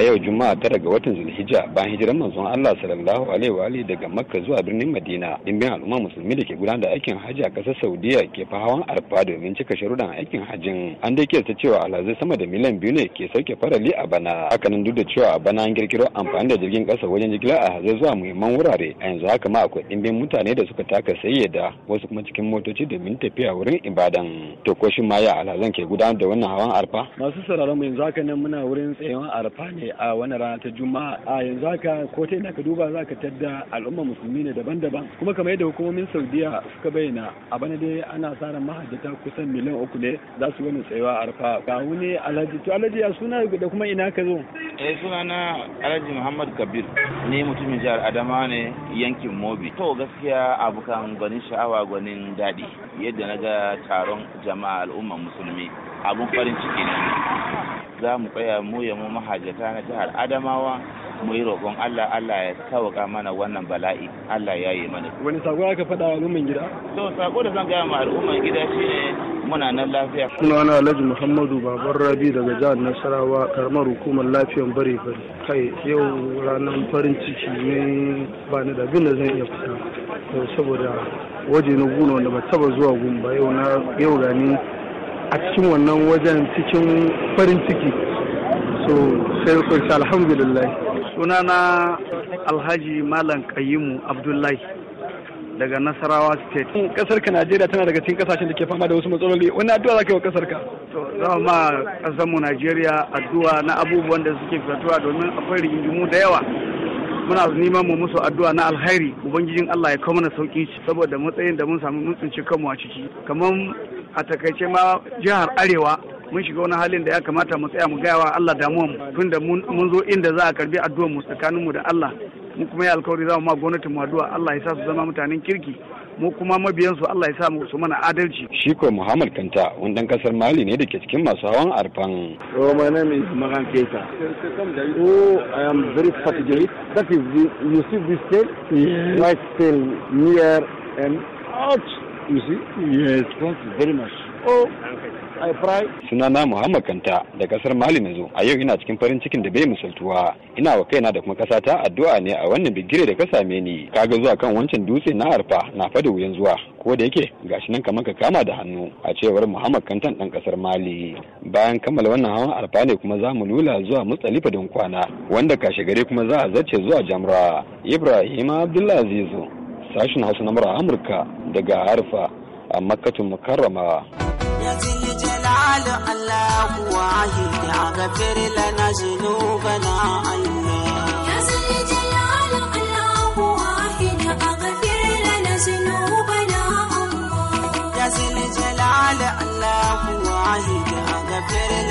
a yau juma'a tara ga watan zulhijja bayan hijiran manzon Allah sallallahu alaihi wa alihi daga makka zuwa birnin madina dimbin al'umma musulmi da ke gudanar da aikin hajji a kasar saudiya ke fahawan arfa domin cika sharuɗan aikin hajjin an dai kiyasta cewa alhazai sama da miliyan biyu ne ke sauke farali a bana nan duk da cewa a bana an kirkiro amfani da jirgin ƙasa wajen jigilar alhazai zuwa muhimman wurare a yanzu haka ma akwai dimbin mutane da suka taka da wasu kuma cikin motoci domin tafiya wurin ibadan to ko shi ma ya alhazan ke gudanar da wannan hawan arfa masu sauraron mu yanzu haka nan muna wurin tsayawan arfa ne a wannan rana ta juma'a a yanzu haka ko ta ina ka duba za ka tadda al'ummar musulmi ne daban-daban kuma kamar yadda hukumomin saudiya suka bayyana a bana dai ana sa ran mahajjata kusan miliyan uku ne za su wani tsayawa arfa ga ne alhaji to alhaji ya suna da kuma ina ka zo eh suna na alhaji muhammad kabir ni mutumin jihar adama ne yankin mobi to gaskiya abu kan gwanin sha'awa gwanin daɗi yadda na ga taron jama'a al'ummar musulmi abun farin ciki ne za mu tsaya mu ya mu mahajjata na jihar adamawa mu yi roƙon Allah Allah ya sauka mana wannan bala'i Allah ya yi mana wani sako aka faɗa wa al'umman gida to sako da zan gaya ma al'umman gida shine muna nan lafiya sunana Alhaji Muhammadu babar Rabi daga jihar Nasarawa karamar hukumar lafiyan bare bare kai yau ranar farin ciki ne ba ni da abin da zan iya fita saboda waje na gona wanda ba taba zuwa gun yau na yau gani a cikin wannan wajen cikin farin ciki so sai kwanci alhamdulillah sunana alhaji malam kayimu abdullahi daga nasarawa state kasar ka najeriya tana daga cikin kasashen da ke fama da wasu matsaloli wani addu'a za ka yi wa kasar ka to zama ma kasar mu najeriya addu'a na abubuwan da suke fitowa domin akwai rigingimu da yawa muna neman mu musu addu'a na alhairi ubangijin Allah ya kawo mana sauki saboda matsayin da mun samu mun tsinci kanmu a ciki kamar a takaice ma jihar arewa mun shiga wani halin da ya kamata mu tsaya mu gaya wa Allah damuwan da mun zo inda za a karbi addu'ar mu tsakanin mu da Allah mu kuma ya alkawari za mu ma gwamnatin mu addu'a Allah ya sa su zama mutanen kirki mu kuma mabiyan su Allah ya sa su mana adalci shi ko Muhammad Kanta wani dan kasar Mali ne dake ke cikin masu hawan arfan oh my name is Magan Keita oh I am very fatigued that is the, you see this tail yes. right tail near and out You oh. Sunana Muhammad Kanta da kasar Mali na zo. A yau ina cikin farin cikin da bai musaltuwa, Ina wa kaina da kuma ta addu'a ne a wannan bigire da ka same ni. Kaga zuwa kan wancan dutse na arfa na fada wuyan zuwa. Ko da yake gashi nan kamar ka kama da hannu a cewar Muhammad Kantan dan kasar Mali. Bayan kammala wannan hawan arfa ne kuma za mu lula zuwa Mutsalifa don kwana wanda kashe gare kuma za a zace zuwa Jamra. Ibrahim Abdullahi Azizu. sashen hausa na murar amurka daga harfa a makkatun mukarrama يا ذي الجلال الله واحد أغفر